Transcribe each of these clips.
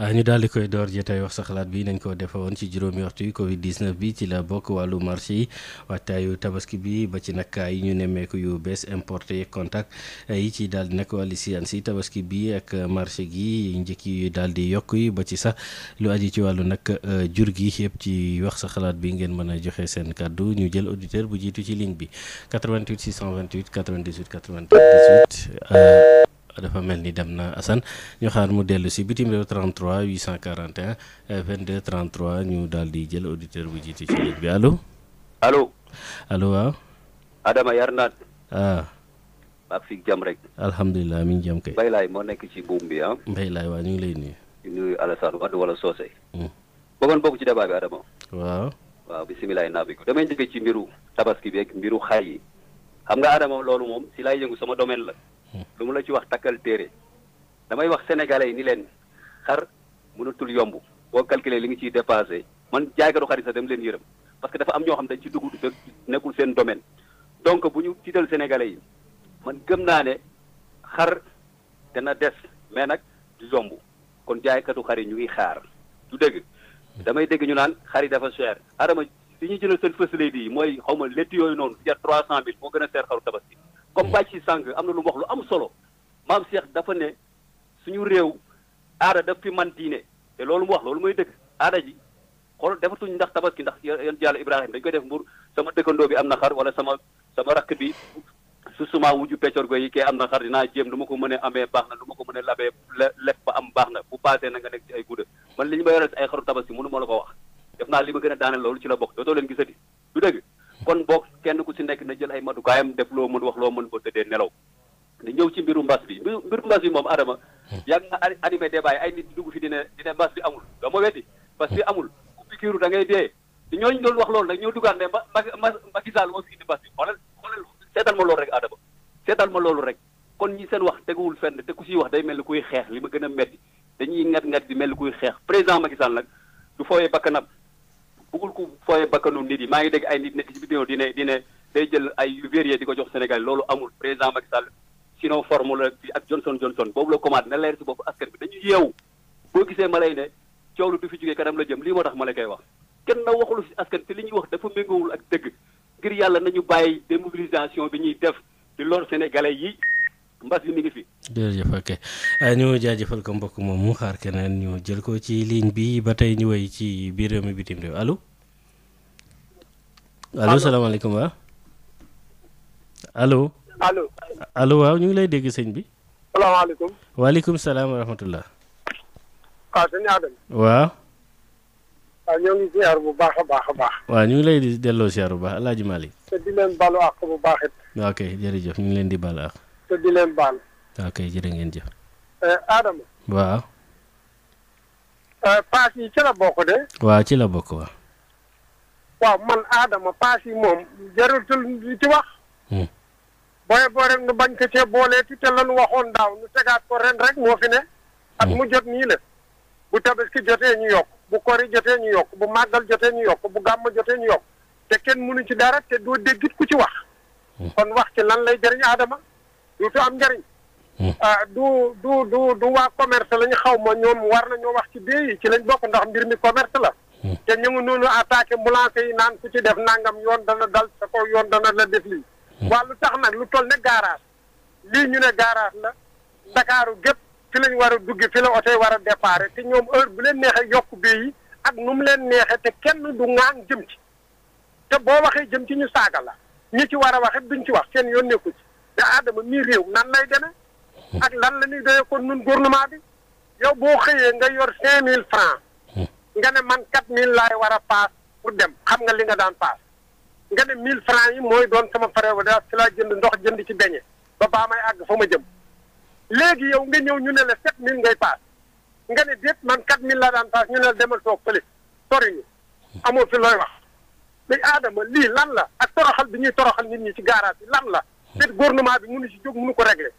Ah, ñu daal di koy door ji tey wax sa xalaat bi nañ ko woon ci juróomi waxtu yi Covid 19 bi ci la bokk wàllu marché yi waajtaayu tabaski bi ba ci nag yi ñu nemmeeku yu bees importé contact yi ci daal di nag wàllu science yi tabaski bi ak marché gi njëkk yi daal di yokk yi ba ci sax lu aji ci wàllu nag euh, jur gi yëpp ci wax sa xalaat bi ngeen mën a joxe seen kàddu ñu jël auditeur bu jiitu ci ligne bi 88 628 98 98. dafa mel ni dem na Assane ñu xaar mu dellu si bitim réew 33 841 22 33 ñu daal di jël auditeur bu jiite ci ligne bi allo. allo. Adama yar naat. ah. ak fi jàmm rek. alhamdulilah mi ngi jàmm kay. Mbaylaay moo nekk ci buum bi ah. Mbaylaay waa ñu ngi lay nii ñu nuyu Alassane Wade wala Socé. Hmm. bëggoon bokk ci débat bi Adama. waaw. waaw bisimilah naa bi ko damay njëkkee ci mbiru tabaski bi ak mbiru xar yi xam nga Adama loolu moom si laay yëngu sama domaine la. du ma la ci wax takkal téere damay wax sénégalais yi ni leen xar mënatul yomb boo calculer li ngi ciy dépassé man jaaykatu xar yi sax dem leen yërëm parce que dafa am ñoo xam dañ ci dugg te nekkul seen domaine donc bu ñu tiital sénégalais yi man gëm naa ne xar dana des mais nag du yomb kon jaaykatu xar yi ñu ngi xaar du dëgg damay dégg ñu naan xar yi dafa cher adama li ñuy jënd seen fësale yi mooy xaw ma létt yooyu noonu jar trois cent mille moo gën a seer xaru comme bàyyi ci sàng am na lu mu wax lu am solo maam Cheikh dafa ne suñu réew aada daf fi man diine te loolu mu wax loolu mooy dëgg aada ji xool defatuñ ndax tabaski ndax yan yàlla Ibrahima dañ koy def mbur sama dëkkandoo bi am na xar wala sama sama rakk bi su suma wuju peccor go yi am na xar dinaa jéem lu ma ko mën a amee baax na lu ma ko mën a labee lekk ba am baax na bu passé na nekk ay gudda man li ñu ma yoree si ay xaru tabaski mënu ma la ko wax def naa li a daaneel ci la bokk dootoo leen gisati jël ay matukaayam def loo mën wax loo mën ba tëddee nelaw di ñëw ci mbiru mbas bi mbiru mbas bi moom Adama hmm. yàgg nga animé débat yi ay nit dugg fi dina dina mbas bi amul doo ma weddi parce que hmm. amul ku pikiiru da ngay dee di ñooñu doon wax loolu nag ñoo duggaat ne ma ma Macky Sall moo fi indi mbas bi xoolal xoolal seetal ma loolu rek Adama seetal ma loolu rek kon ñi seen wax teguwul fenn te ku siy wax day mel ni kuy xeex li ma gën a metti dañuy ngat-ngat di mel ni kuy xeex président Macky Sall nag du fooyee bakkanam bugul ku fooyee bakkanu nit yi maa ngi dégg ay di ne di ne day jël ay yu varié di ko jox Sénégal loolu amul président Macky Sall sinon forme la bi ak Johnson Johnson boobu la commande na leer si bopp askan bi dañu yeewu boo gisee ma lay ne coow lu du fi jógee kanam la jëm lii moo tax ma la koy wax kenn na waxulu si askan te li ñuy wax dafa méngoowul ak dëgg ngir yàlla nañu bàyyi démobilisation bi ñuy def di lor sénégalais yi mbas mi ngi fi. jërëjëf ok euh, ñu jaajëfal ko mbokk moom moomu xaar keneen ñu jël ko ci ligne bi ba tey ñu woy ci biir mi bitim réew allo. allo salaamaaleykum allo allo alo waaw ñu ngi lay dégg sëñ bi. salaamaaleykum. waaleykum salaam wa rahmatullah. waaw sëñ waaw. waaw ngi ziar bu baax a baax a baax. waaw ñu ngi lay delloo ziar bu baax El Hadj Malick. te di leen baalu àq bu baax it. Ah, ok jërëjëf ñu ngi leen di baalu àq. te di leen baal. Ah, ok jërë ngeen jëf. Eh, Adama. waaw. Eh, paas yi ci la bokk de. waaw ci la bokk waaw. man Adama paas yi moom jarutul ci wax. Hmm. booy boo rek nu bañ ko cee booleeti te lanu waxoon daaw nu tegaat ko ren rek moo fi ne at hmm. mu jot nii la bu tabaski jotee ñu yokk bu kori jotee ñu yokk bu màggal jotee ñu yokk bu gàmm jotee ñu yokk te kenn mënu ci dara te doo déggit ku ci wax hmm. kon wax ci lan lay jëriñ aadama du tu am njëriñ ah, du du du du waa commerce la ñu xaw ma ñoom war na ñoo wax ci bee yi ci lañ bokk ndax mbir mi commerce la te ñu ngi noonu attaqué mbulance yi naan ku ci def nangam yoon dana dal sa kaw yoon dana la def lii waa lu tax nag lu toll ne garage lii ñu ne garage la Ndakaaru gépp fi lañ war a dugg fi la oto yi war a départ te ñoom heure bu leen neexee yokk bi yi ak nu mu leen neexee te kenn du ŋaan jëm ci te boo waxee jëm ci ñu saaga la ñi ci war a waxit duñ ci wax seen yoon nekku ci da aadama mii réew nan lay demee ak lan la ñuy doyee kon nun gouvernement bi yow boo xëyee nga yor cinq mille francs nga ne man quatre mille laay war a paas pour dem xam nga li nga daan paas nga ne 1000 francs yi mooy doon sama frais ba daal ci laa jënd ndox jënd ci beñe ba baa may àgg fa ma jëm léegi yow nga ñëw ñu ne la mil ngay paas nga ne déet man 4000 laa daan paas ñu ne la demal toog fële sori ñu amoo fi looy wax mais aadama lii lan la ak toroxal bi ñuy toroxal nit ñi ci gaaraat yi lan la hmm. te gouvernement bi mënu ci jóg mënu ko régler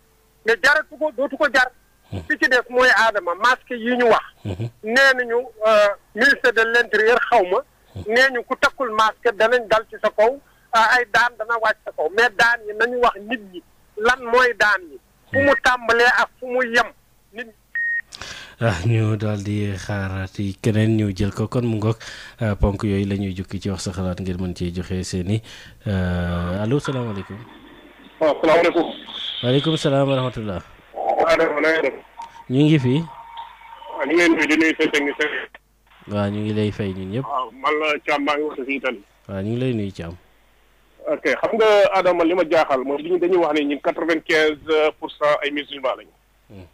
mais jaratu ko dootu ko jar fi hmm. ci des mooy aadama masque yi ñu wax hmm. nee nañu euh, ministre de l'intérieur xaw ma nee ñu ku takkul masque danañ dal ci sa kaw ay daan dana wàcc sa kaw mais daan yi nañu wax nit ñi lan mooy daan yi fu mu tàmbalee ak fu mu yem nit ñi ah ñu daal di xaarati keneen ñu jël ko kon mu ngoog ponk yooyu la ñuy jukki ci wax sa xalaat ngir mën cee joxe seeni i allo salaamaaleykum. waaw ah, salaamaaleykum. waaleykum salaam ngi fi. Ah, waa ñu ngi lay fay ñun ñëpp. man la Thiam maa ngi wax si Italie. waaw ñu ngi lay nuyu Thiam. ok xam nga Adama li ma jaaxal moom li ñu dañuy wax ne ñun quatre pour cent ay musulman lañu. Hmm.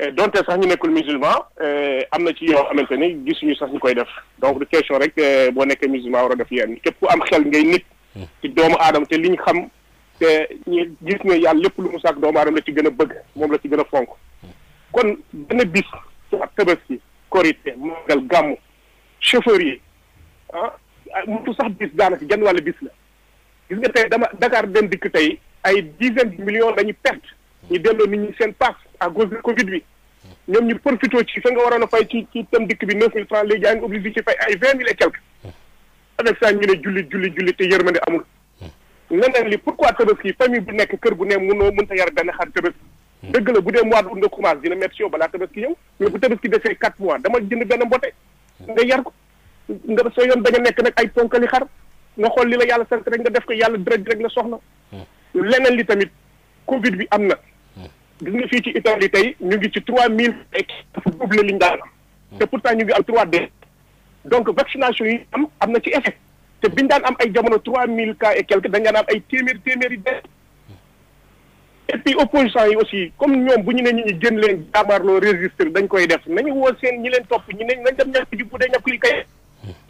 Eh, donte sax ñu nekkul musulman eh, am na ci yoo xamante ni gisuñu sax ñu koy def donc du question rek eh, boo nekkee musulman war a def yenn képp ku am xel ngay nit. Hmm. doomu aadama te li ñu xam te ñu gis ne yàlla lépp lu mu saak doomu aadama la ci gën a bëgg moom la ci gën a fonk. Hmm. kon benn bis korité màggal gàmmu chauffeur yi ah, ah motu sax bis daanaka genn wàll bis la gis nga tey dama Dakar dem dikk tey ay dizaine de millions dañu perte ñu delloo nit ñi seen pass à cause Covid bi ñoom ñu profité ci fa nga waroon a fay ci ci tam dikk bi neuf mille francs léegi yaa ngi obligé ci fay ay vingt mille et quelque avec ça ñu ne julli julli julli te yërmande amul leneen li pourquoi tabaski famille bu nekk kër gu ne mënoo mënta yar benn xar tabaski dëgg la bu dee mois d'août nga commencé dina métti si yow balaa tabaski ñëw mais bu tabaski desee quatre mois dama jënd benn mbote nga yar ko nga soo yoon bañ a nekk nag ay ponkali xar nga xool li la yàlla sant rek nga def ko yàlla direct rek la soxla leneen li tamit covid bi am na gis nga fii ci Italie tey ñu ngi ci trois mille et dafa double li ñu daan am te pourtant ñu ngi am trois d donc vaccination yi am am na ci effet te biñ daan am ay jamono trois mille cas et quelque ay téeméeri téeméeri de et puis opposition yi aussi comme ñoom bu ñu ne ñu ñu génn leen jaabaarloo registre dañ koy def nañu woo seen ñi leen topp ñi nañ dem ñàkk ji bu dee ñàkk yi kay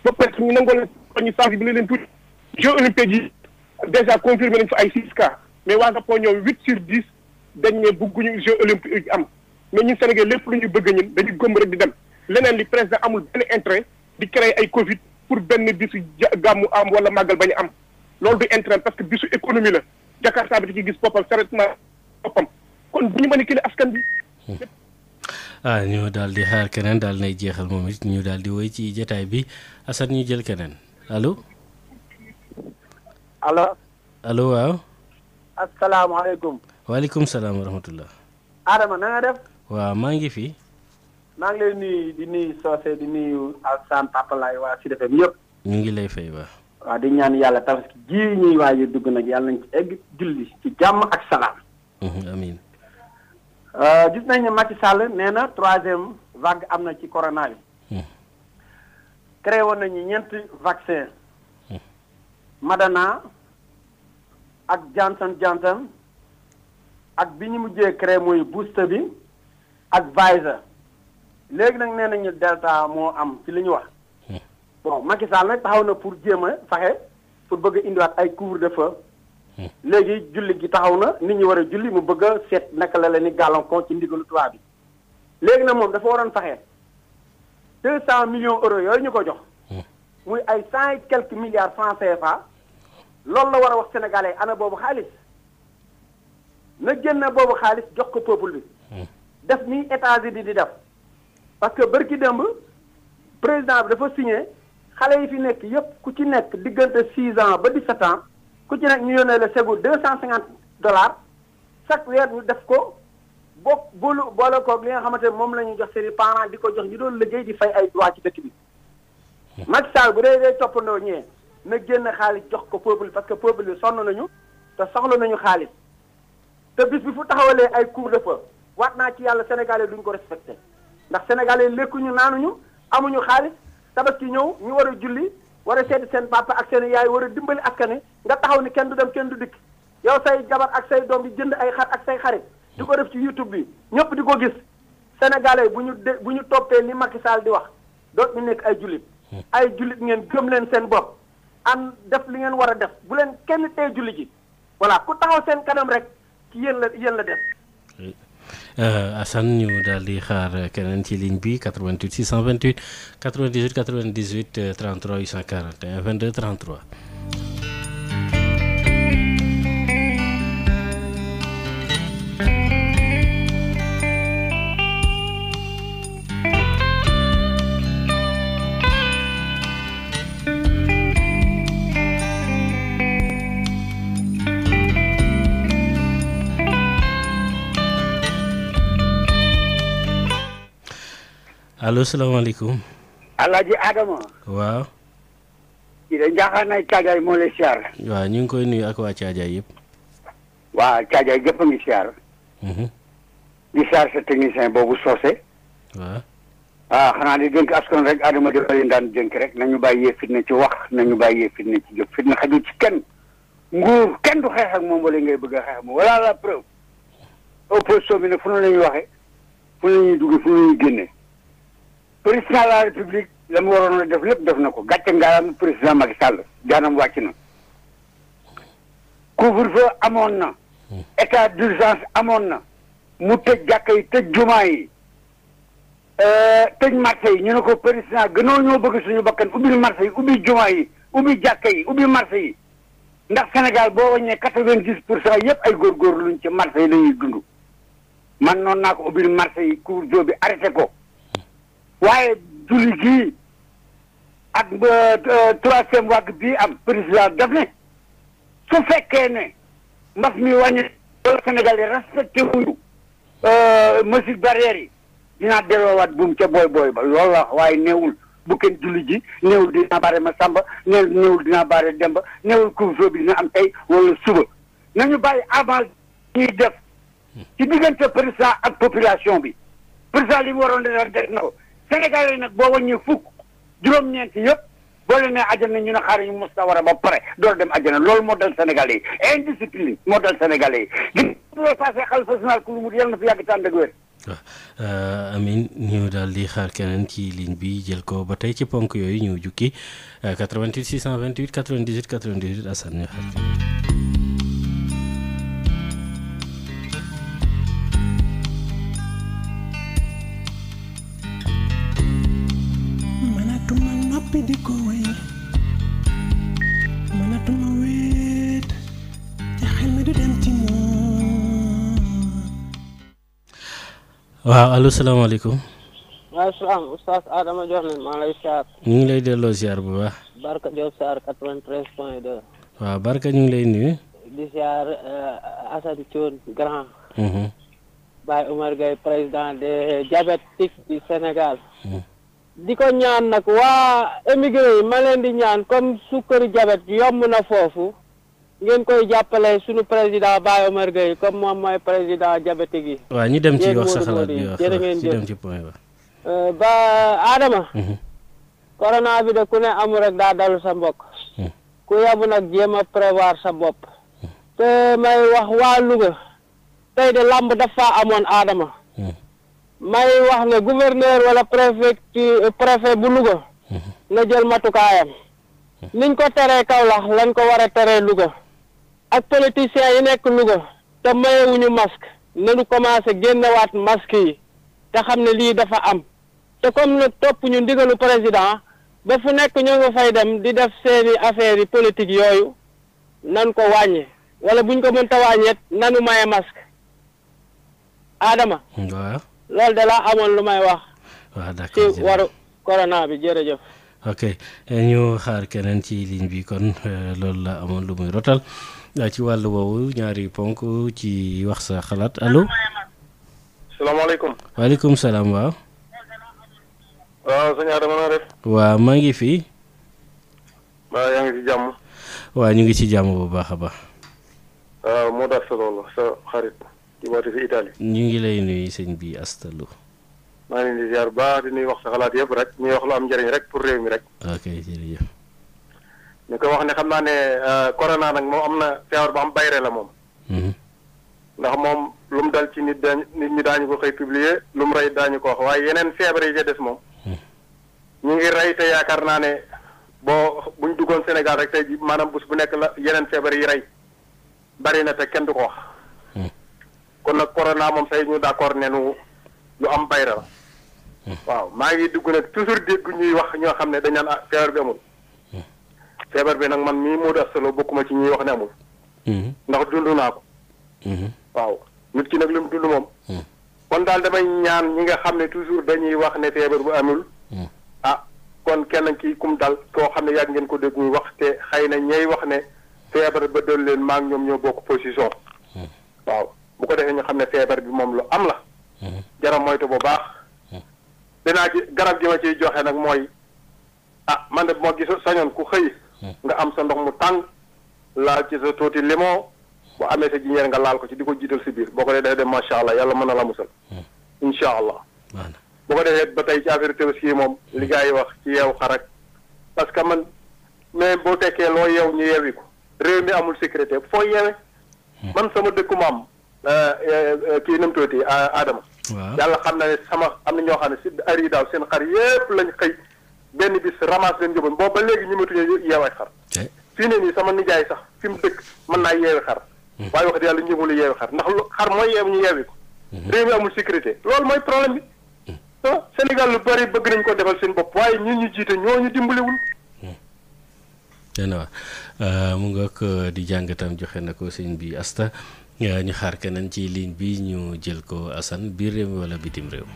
ba peut leen ñu sensibiliser leen tuuti Jeux olympiques yi déjà confirmé nañ fa ay six cas mais waa Japon ñoom huit sur dix dañ ne bëgguñu Jeux olympiques am mais ñun Sénégal lépp lu ñuy bëgg ñun dañu gëm rek di dem leneen li président amul benn intérêt di créer ay Covid pour benn bisu gàmmu am wala màggal bañu am loolu du intérêt parce que bisu économie la Jakarta bi da ci gis boppam boppam kon bu ñu manipuler askan bi. ah ñu daal di xaar keneen daal nay jeexal moom it ñu daal di woy ci jotaay bi Assane ñu jël keneen allo. allo. allo waaw. asalaamaaleykum. waaleykum salaam wa rahmatullah. Adama na def. waaw maa ngi fi. maa ngi lay di nuyu Socé di nuyu Assane Papa waa Sud FM yëpp. ñu ngi lay fay ba di ñaan yàlla tabaski ji ñuy waaye dugg nag yàlla nañ ci egg julli ci jàmm ak salaam. Mm-hmm. amiin. Euh, gis nañ ne Macky Sall nee na troisième vague am na ci corona bi. Mm-hmm. créé woon nañu ñeenti vaccin. Mm-hmm. Madana ak Johnson Johnson ak bi ñu mujjee créé muy booster bi ak Pfizer léegi nag nee nañu delta moo am ci li ñu wax. bon Macky nag taxaw na pour jéem a fexe pour bëgg indiwaat ay de feu léegi julli gi taxaw na nit ñi war a julli mu bëgg a seet naka la leen ni gàllankoor ci ndigalu tubaab bi léegi nag moom dafa waroon faxee deux cent million euros yooyu ñu ko jox muy ay cent et quelques milliards francs CFA loolu la war a wax sénégalais ana boobu xaalis na génn boobu xaalis jox ko peuple bi def ni États-Unis di def parce que bërki démb président bi dafa signé xale yi fi nekk yépp ku ci nekk diggante six ans ba di sept ans ku ci nag ñu yónnee la segu deux cent cinquante dollars chaque weer ñu def ko boo bokk boolu boole koog li nga xamante ne moom la ñu jox seen i parents di ko jox ñu doon liggéey di fay ay droit ci dëkk bi. Macky Sall bu dee day toppandoo ñee na génn xaalis jox ko peuple parce que peuple bi sonn nañu te soxla nañu xaalis te bis bi fu taxawalee ay cours de feu naa ci yàlla sénégalais duñ ko respecté ndax sénégalais lekkuñu naanuñu amuñu xaalis tabaski ñëw ñu war a julli. war a seeti seen papa ak seen yaay war a dimbali askani nga taxaw ni kenn du dem kenn du dikk yow say jabar ak say doom di jënd ay xar ak say xarit di ko def ci youtube bi ñëpp di ko gis sénégalais bu ñu de bu ñu toppee li Macky saal di wax doot ñu nekk ay jullit ay jullit ngeen gëm leen seen bopp am def li ngeen war a def bu leen kenn tey julli ji voilà ku taxaw seen kanam rek ci yéen la yéen la def Euh, Assane ñu daal di xaar keneen ci ligne bi 88 628 98 98 33 841 22 33. allo salaamaaleykum. Alaaji Adama. waaw. kii de Ndiakhate Caajaay moo lay siyaar. waaw ñu ngi koy nuyu ak waa Caajaay yëpp. waa Caajaay yëpp a ngi siyaar. Mhm. di siyaar sa technicien boobu soose. waaw. ah xanaa di dénk askan rek Adama di leen daan dénk rek nañu bàyyee fitna ci wax nañu bàyyee fitna ci jëf fitna xajul ci kenn. nguur kenn du xeex moom wala ngay bëgg a xeex moom wala la preuve opposition bi nag fu nu la ñuy waxee fu nu la ñuy président de la république la mu waroon a def lépp def na ko gàcce ngaalaam président Macky Sall jaanam wàcc na couvre-feu amoon na hmm. état d'urgence amoon na mu tëj jàkka yi tëj jumaa yi euh, tëj marché yi ñu ne ko président gënoon ñoo bëgg suñu bakkan ubbi marché yi ubbi jumaa yi ubbi jàkka yi ubbi marché yi ndax Sénégal boo wàññee quatre-vingt-dix pour cent yëpp ay lu luñ ci marché yi la ñuy dund man noon naa ko ubbi marché yi couvre-feu bi arrêté ko waaye julli gii ak euh, troisième vague bii am président daf ne su fekkee ne mbas mi wàññi wala Sénégal yi respecté wuñu euh, mesures barrières yi dinaa delloowaat ca booy booy ba loolu waaye newul bu kenn julli ji neewul dinaa baare ma sàmba neewul neewul dinaa baare demba neewul couvre-feu bi dina am tey wala suba nañu bàyyi avant ñuy def ci diggante président ak population bi sa li war waroon def def na Sénégalais yi nag boo wàññee fukk juróom-ñeent yëpp boo leen nee àjjana ñu ne xaar ñu mustawara ba pare doo dem àjjana loolu moo dal Sénégalais yi indiscipline moo dal Sénégalais yi. gis nga passé xalifa général ku mu yal na fi yàgg tànn ak wér. waaw ah, euh, ñu daal di xaar keneen ci ligne bi jël ko ba tey ci ponk yooyu ñu jukki 88 628 98 98 Assane ñu xaar. bi di ko waaw allo salaamaaleykum. maaleykum salaam ñu ngi lay delloo siyaar bu baax. Barka Diop Sarr 93 waaw Barka ñu ngi lay nuyu. di siyaar euh, Assane Thion grand. Mhm. Baye Omar Gueye président des diabétiques du Sénégal. Mhm. di ko ñaan nag waa émigré yi ma leen di ñaan comme sukkaru jabet yomb na foofu ngeen koy jàppale suñu président Baye Omar Gueye comme moom mooy président diabétique yi. waaw ñi dem ci wax sa xalaat bi wax ñi dem ci point ba. Euh, Adama. Mhm. corona de ku ne amul rek daa dalu sa mbokk. Mhm. ku yabu nag jéem a prévoir sa bopp. Mhm. te may wax waa Louga. tey de làmb dafa amoon Adama. may wax na gouverneur wala préfet ci bu Louga mhm. na jël matukaayam mhm. niñ ko teree Kaolack lañ ko war a teree Louga ak politiciens yi nekk Louga te mayewuñu masque nañu commencé génnewaat masque yi te xam ne lii dafa am te comme nag topp ñu ndigalu président ba fu nekk ñoo nga fay dem di def seeni affaires yi politique yooyu nan ko wàññi wala buñ ko mënta wàññeet nanu maye masque aadama loolu de laa amoon lu may wax. waaw d'accord ci waru corona bi jërëjëf. ok eh, ñu xaar keneen ci ligne bi kon eh, lool la amoon lu muy rotal ci wàllu woowu ñaari ponk ci wax sa xalaat allo. salaamaaleykum. waaleykum salaam waaw. maa ngi fi. waaw yaa ngi ci jàmm. waaw ñu ngi ci jàmm bu baax a baax. waaw moo tax loolu sa xarit. di woote fi Italie. ñu ngi lay nuyu sëñ bi Asta Lo. maa ngi leen di ziar di nuy wax sa xalaat yëpp rek ñuy wax lu am njëriñ rek pour réew mi rek. ok jërëjëf. ko wax ne xam naa ne euh, corona nag moom am na feebar ba am bayre la moom. Mhm. ndax moom lu mu dal ci nit daañu nit ñi daañu ko xëy publier lu mu rey daañu ko wax waaye yeneen feebar yi ca des moom. Mhm. ñu ngi rey te yaakaar naa ne boo buñ duggoon Sénégal rek tey ji maanaam bés bu nekk la yeneen feebar yi rey bari na te kenn du ko wax. kon nag corona moom say ñu d'accord ne nu lu am bayra la. waaw maa ngi dugg nag toujours dégg ñuy wax ñoo xam ne dañ naan ah feebar bi amul. feebar bi nag man mii Modou Asta Lo bokkuma ci ñuy wax ne amul. ndax dund naa ko. waaw nit ki nag lu mu dund kon daal damay ñaan ñi nga xam ne toujours dañuy wax ne feebar bu amul. ah kon kenn kii kum dal koo xam ne yàgg ngeen ko dégg muy wax te xëy na ñay wax ne feebar ba dal leen maa ngi ñoom ñoo bokk position. waaw. bu ko defee ñu xam ne feebar bi moom lu am la. jara moytu bu baax. dinaa ci garab gi ma ciy joxe nag mooy ah man de moo gis sañoon ku xëy. nga am sa ndox mu tàng laal ci sa tuuti limon bu amee sa jinjeer nga laal ko ci di ko jiital si biir boo ko defee de macha allah yàlla mën na la musal. incha allah. boo ko defee ba tey ci affaire tabaski moom li yi wax ci yeew xarak ak parce que man mais boo tekkee loo yeew ñu yeewi ko réew mi amul sécurité foo yeewe man sama dëkku maam Euh, euh, euh, kii nu mu tuddati Adama. waaw yàlla xam na sama am na ñoo xam ne si ar daaw seen xar yépp lañ xëy benn bis ramasse leen yóbbu boobu ba léegi ñëmatuñu yeewaay xar. fii ne nii sama nijaay sax fi mu dëkk mën naa yeewi xar. Hmm. waaye wax dëgg yàlla ñëmulu yeewi xar ndax xar mooy yeew ñu yeewi ko. Hmm. réew mi amul sécurité loolu mooy problème bi. ah Sénégal lu bari bëgg nañ ko defal seen bopp waaye ñu ñu jiite ñoo ñu dimbaliwul. dana nga ko di jàng tam joxe na ko sëñ bi asta waaw ñu xaar ci ligne bi ñu jël ko Assane biir réew wala bitim réew.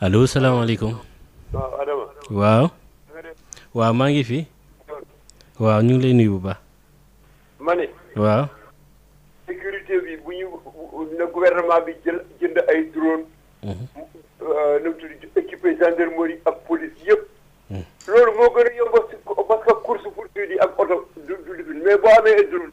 allo waaw waaw. maa ngi fi. waaw ñu ngi lay nuyu bu baax. waaw. sécurité bi bu ñu na gouvernement bi jël. jënd ay drone mhm. euh, nu mu tudd équipé gendarmerie ak police yëpp. Mhm. loolu moo gën a yomb parce que course poursuite yi ak oto du du mais boo amee ay drone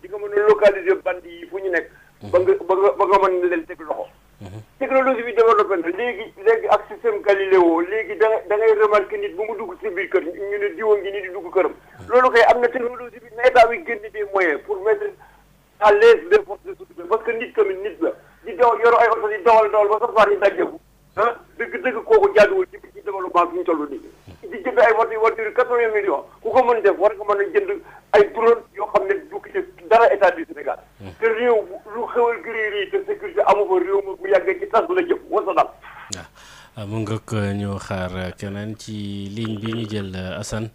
donc euh, ñu xaar keneen ci ligne bi ñu jël euh, Assane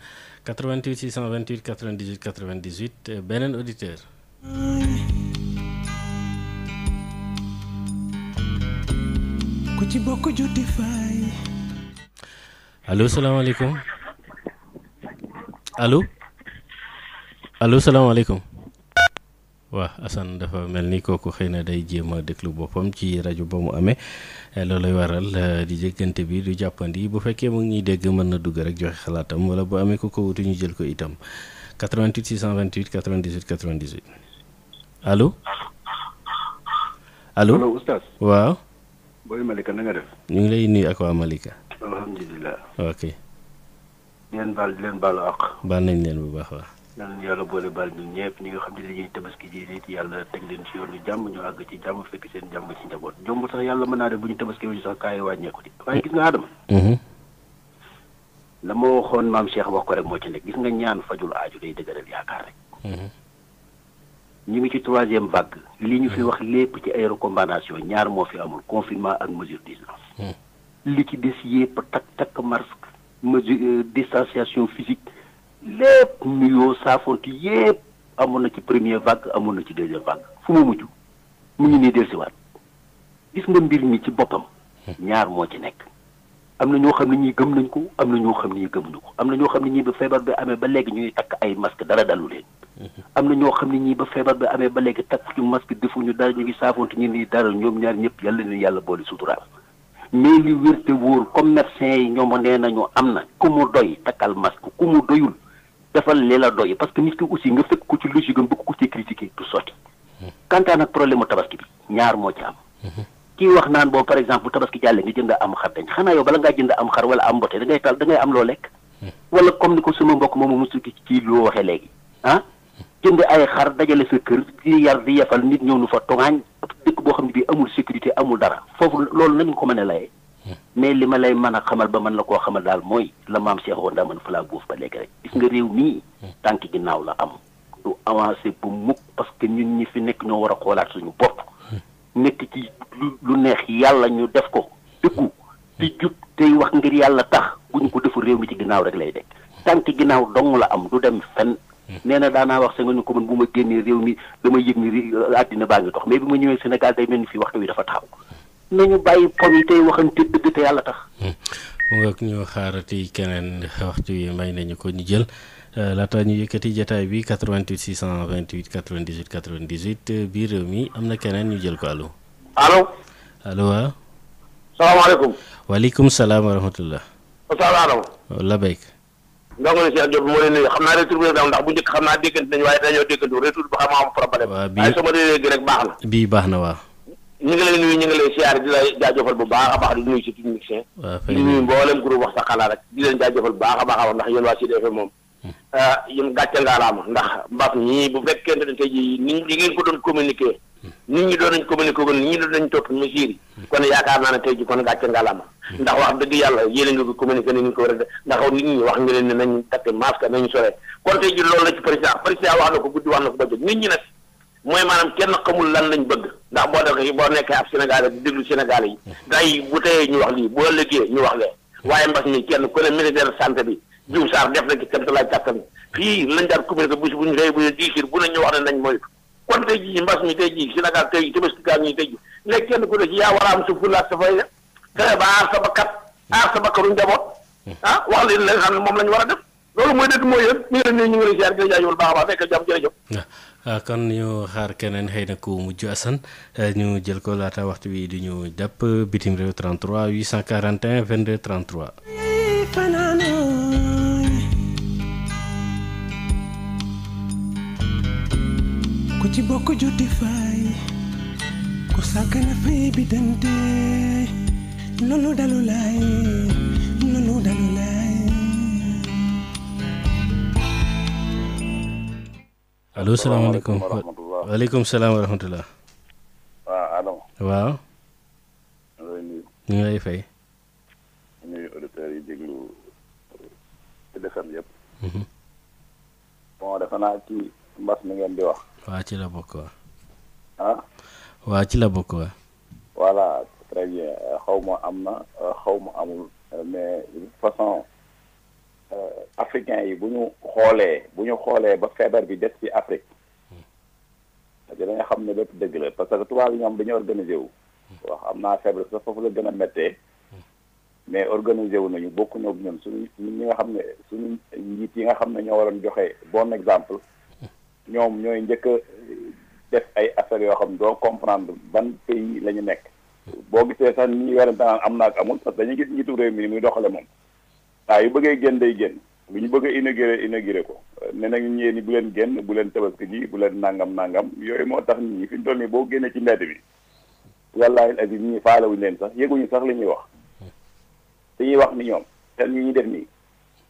88 628 98 98 beneen auditeur. ku ci bokk joti fay. allo salaamaaleykum allo allo salaamaaleykum. waa assan dafa mel ni kooku xëy na day jéem a déglu boppam ci rajo ba mu amee loolay waral eh, di jéggante bi du jàppandi bu fekkee mu ngi ñuy dégg mën na dugg rek joxe xalaatam wala bu amee ku ko wutu ñu jël ko itam 88 628 98 98 allo. allo allo waaw. booy Malika na def. ñu ngi lay nuyu ak waa Malika. ok. leen baal leen baalu àq. baal nañ leen bu baax waaw. yàlla ñu yàlla boole baal ñun ñëpp ñi nga xam ne liggéey tabaski ji it yàlla teg leen ci yoonu jàmm ñu àgg ci jàmm fekk seen jàmm ci njaboot jomb sax yàlla mën naa def bu ñu tabaski wuñu sax kaay wàññeeku di waaye gis nga Adama mm-hmm. la ma waxoon maam Cheikh wax ko rek moo ci nekk gis nga ñaan fajul aaju day dëgëral yaakaar rek mm-hmm. ñu ngi ci troisième vague mm-hmm. li ñu fi wax lépp ci ay recommandation ñaar moo fi amul confinement ak mesure distance li ci des yépp takk mesure euh, distanciation physique lépp nuyoo saafonte yépp amoon na ci premier vague amoon na ci deuxième vague fu mu mujj mu ngi nii dellusiwaat gis nga mbir mi ci boppam ñaar moo ci nekk am na ñoo xam ne ñii gëm nañ ko am na ñoo xam ne ñii gëmuñu ko am na ñoo xam ne ñii ba feebar bi amee ba léegi ñuy takk ay masque dara dalu leen am na ñoo xam ne ñii ba feebar bi amee ba léegi takk ci masque ñu dara ñu ngi saafonte ñu nii dara ñoom ñaar ñëpp yàlla na yàlla boole suturaal mais li wér te wóor comme yi ñoom nee nañu am na ku mu doy takkal masque ku mu doyul defal li la doy parce que nit ki aussi nga fekk ko ci logique am bëgg ko ci critiquer du sotti. quant à problème tabaski bi ñaar moo ci am. kii wax naan boobu par exemple bu tabaski jàllee nga jënd am xar dañ xanaa yow bala ngaa jënd am xar wala am mbote da ngay tal am loo lekk. wala comme ni ko sama mbokk moom mosu ci kii loo waxee léegi ah. jënd ay xar dajale sa kër di yar di yefal nit ñëw nu fa tongaañ dëkk boo xam ne bii amul sécurité amul dara foofu loolu nañ ko mën a mais li ma lay mën a xamal ba man la koo xamal daal mooy la maam Cheikh woon daa mën fa laa góof ba léegi rek gis nga réew mii tànk ginnaaw la am du avancé bu mukk parce que ñun ñi fi nekk ñoo war a xoolaat suñu bopp nekk ci lu neex yàlla ñu def ko dëggu di jub tey wax ngir yàlla tax bu ñu ko deful réew mi ci ginnaaw rek lay dekk tànk ginnaaw dong la am lu dem fenn nee na daanaa wax sa nga ñu ko mën bu ma génnee réew mi dama yëg ni àddina baa ngi dox mais bi ma ñëwee Sénégal day mel ni fii waxtu wi dafa taxaw nañu bàyyi pom yi tey waxante dëgg te yàlla tax. Hmm. mu nga ñu xaarati keneen waxtu yi may nañu ko ñu jël euh, laata ñu yëkkati jataay bi 88 628 98 98 bii réew mi am na keneen ñu jël ko allo. allo. allo waaw. salaamaaleykum. waaleykum salaam wa rahmatullah. Oustaz Adama. la béyk. ndongo la si ak Diop moo leen nuyu xam naa retour bi la ndax bu njëkk xam naa déggante nañu waaye dañoo déggantu retour bi xam naa am problème. waaw bii baax na. bii ñu ngi lay nuyu ñu ngi lay siyaar di la jaajëfal bu baax a baax di nuyu si technicien. waaw fay di nuyu wax sa xalaat rek di leen jaajëfal bu baax a baax a baax ndax yéen waa Sud FM moom. Hmm. Ah, yéen gàcce ngaalaama ndax mbas ñii bu fekkente ne tey jii ni li ngeen ko doon communiquer. Hmm. nit ñi doon nañ communiquer ko nit ñi doon nañ topp hmm. kon yaakaar naa ne tey jii kon gàcce ngaalaama. ndax wax dëgg yàlla yéen nga ko communiquer ni ñu ko war a def ndax nit ñi wax nga ko guddi wax na ko ba nit ñi nag mooy maanaam kenn xamul lan lañ bëgg ndax boo def boo nekkee ab Sénégal di déglu Sénégal yi day mm-hmm. bu teyee ñu wax lii bu ëllëgee ñu wax lee mm-hmm. waaye mbas mi kenn ku ne ministère santé bi Diouf Sarr def na ci kéem tolluwaay fii lañ daan communiqué bu buñ bu ñu diisir bu nañ ñu wax ne nañ moytu kon tey jii mbas mi tey jii Sénégal tey jii Tabaski gaa ñuy tey kenn ku ne ci yaa war a am sa fulla ak sa fayda fexe ba aar sa bakkat aar sa bakkaru njaboot mm-hmm. ah, wax leen la xam ne moom la ñu war a def loolu mooy dëgg mooy yéen ñu ngi leen ñu ngi leen ziar di la jaajëfal Ah, kon ñu xaar keneen xëy na ku mujj asan ah, ñu jël ko laata waxtu wi di ñu jàpp bitim réew 33 841 22 33. ci bokk joti ku sàkkana fay bi dante loolu dalu allo salaamaaleykum waaleykum salaam wa rahmatulah. Adama. waaw. ñu ngi lay fay. ñu yi déglu Sud FM mhm. bon defe naa ci mbas mi ngeen di wax. waa ci la bokk wa. ah. waa ci la bokk wa. voilà très bien xaw ma am na xaw ma amul mais de toute façon. Euh, africains yi bu ñu xoolee bu ñu xoolee ba feebar bi def ci Afrique parce que dañu xam ne lépp dëgg la parce que tubaab yi ñoom dañu organisé wu. wax am naa feebar sa foofu la gën a méttee mais organisé wu nañu bokkuñu ak ñun suñu ñi nga xam ne suñu njiit yi nga xam ne ñoo waroon joxe bon exemple ñoom ñooy njëkk a def ay affaires yoo xam doo comprendre ban pays la ñu nekk. boo gisee sax ni ñuy werante naan am naa ak amul parce que dañuy gis njiitu réew mi ni muy doxale moom. saa yu bëggee génn day génn lu ñu bëgg a inauguré inauguré ko ne nañ ñeeni bu leen génn bu leen tabaski ji bu leen nàngam nangam yooyu moo tax nit ñi fi nii boo génnee ci mbedd bi wallaahi ak nit ñi faalewuñu leen sax yëguñu sax li ñuy wax dañuy wax ni ñoom seen yi ñu def nii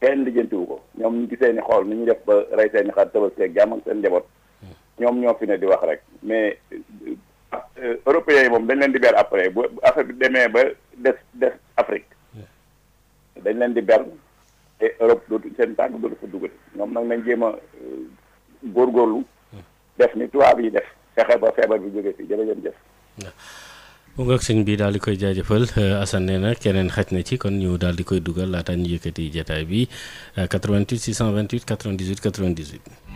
kenn lijjantiwu ko ñoom ñu gisee ni xool ni ñu def ba rey seeni xar tabaski ak jàmm ak seen njaboot ñoom ñoo fi ne di wax rek mais euh, européens yi moom dañ leen di beer après bu affaire bi demee ba des des Afrique dañ leen di benn te Europe dootu seen tànk dootu fa duggati ñoom nag nañ jéem a euh, góorgóorlu def ni tubaab yi def fexe ba feebar bi jógee fii jërëjëf jëf mu nga sëñ bi daal di koy jaajëfal euh, Assane nee na keneen xaj na ci kon ñu daal di koy dugal laata ñu yëkkati jataay bi 88 628 98 98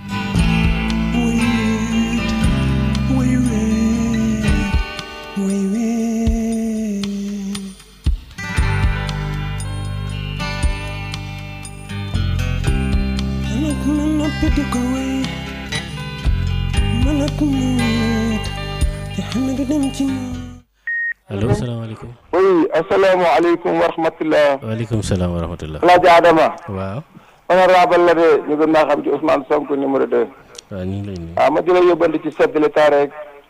allo salaamaaleykum. oui asalaamaaleykum wa rahmatulah. waaleykum salaam wa rahmatulah. Alaaji Adama. waaw. honorable la ci Ousmane Sonko numéro 2. waaw ñu ngi lay nuyu. waaw ah, ma di la ci chef de l'État rek.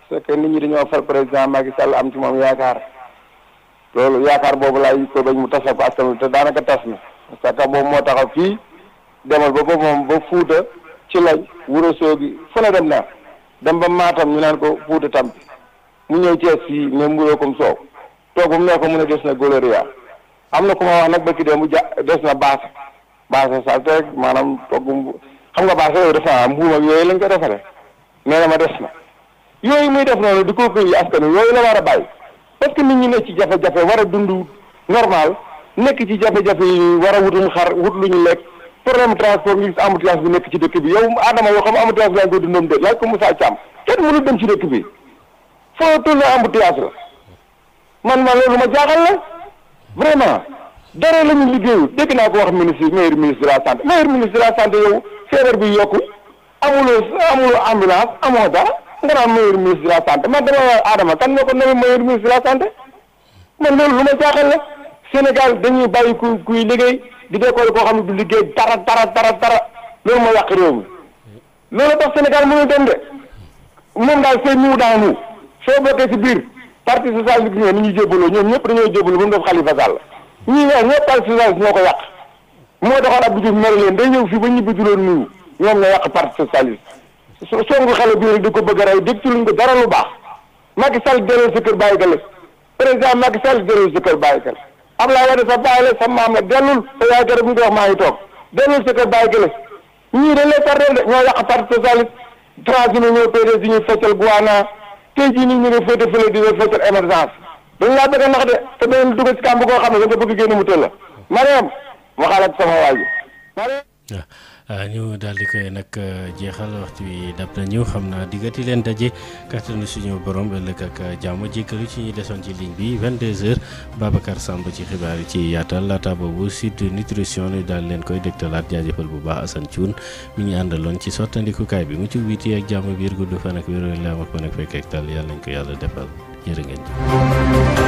parce que nit ñi dañoo fal président Macky Sall am ci moom yaakaar. loolu yaakaar boobu laa yittoo bañ mu tasa ko askan te daanaka tas na. parce que boobu moo taxaw fii. demal ba ba moom ba Fuuta ci lañ. Wuro Soogi fu ne dem naa. dem ba Matam ñu naan ko Fuuta Tampi. mu ñëw Thiès fii mais ko comme soow toog mu nee ko mu ne des na Gloria am na ko ma wax nag bëkki dee bu ja des na baasa baasa salte maanaam toog xam nga baasa yooyu def naa mbuum ak yooyu lañ ko defaree nee na ma des na yooyu muy def na di ko kër yi askan yooyu la war a bàyyi parce que nit ñi nekk ci jafe-jafe war a dund normal nekk ci jafe-jafe yi war a wutum xar wut lu ñu lekk problème transport ngi gis embouteillage bi nekk ci dëkk bi yow Adama yoo xam embouteillage bi laa ngi koy dundoom de laaj ko Moussa Thiam dem ci dëkk bi foo tourné embouteillage la man ma loolu ma jaaxal la vraiment dara la ñu liggéeyu dégg naa ko wax ministre meilleur ministre de la santé meilleur ministre de la santé yow feebar bi yokku amuloo amuloo ambulance amoo dara nga naan meilleur ministre de la santé man dama wax Adama kan nga ko nommé meilleur ministre de la santé man loolu lu ma jaaxal la Sénégal dañuy bàyyi ku kuy liggéey di décolle koo xam ne du liggéey dara dara dara dara loolu moo yàq réew mi tax Sénégal soo bokkee si biir parti socialiste ñoom ñu jébbaloo ñoom ñëpp dañoo jébbaloo ba mu def Khalifa Sall ñii wax ñëpp leen day ñëw fii ñu bituloon nit ñi ñoom ñoo yàq parti socialiste songu xale bi rek di ko bëgg a rey dégg ci luñ ko dara lu baax Macky sa kër bàyyi gale président Macky Sall delloo sa kër bàyyi gale Abdoulaye Wade sa bàyyi la sa maam la dellul sa yaay kër bu ñu ko wax maa ngi toog dellul sa kër ñii dañ lay tardé ñoo yàq parti socialiste transhumer ñoo PDS ñuy feccal guwaanaa tey jii nii ñi ngi féete fële di leen féetal émergence dañ laa bëgg a nax de te dañu dugal ci kàmb koo xam ne dafa bëgg la Mariam waxal ak sama waa Euh, ñu daal di koy nag euh, jeexal waxtu wi dab nañu xam naa diggati leen daje kattanu suñu borom ëllëg ak euh, jàmm jéggalu ci ñu desoon ci ligne bi 22h Babacar Samb ci xibaar yi ci yaatal laata boobu sud nutrition ñu daal leen koy dégtalaat jaajëfal bu baax Assane Thioune mi ngi àndaloon ci sottandikukaay bi mu ci wiiti ak jàmm biir gudd fan ak wér-wér la am ak fan fekk ak tal yàlla nañ ko yàlla defal jërë nga jëf.